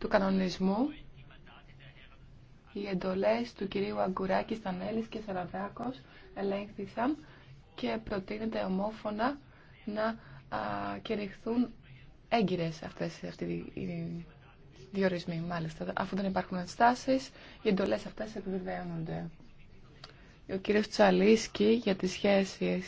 του κανονισμού οι εντολές του κυρίου Αγκουράκη, Στανέλης και Σαραδάκο ελέγχθησαν και προτείνεται ομόφωνα να κηρυχθούν έγκυρες αυτές, οι διορισμοί. Μάλιστα, αφού δεν υπάρχουν ενστάσεις, οι εντολές αυτές επιβεβαιώνονται. Ο κύριος Τσαλίσκι για τις σχέσεις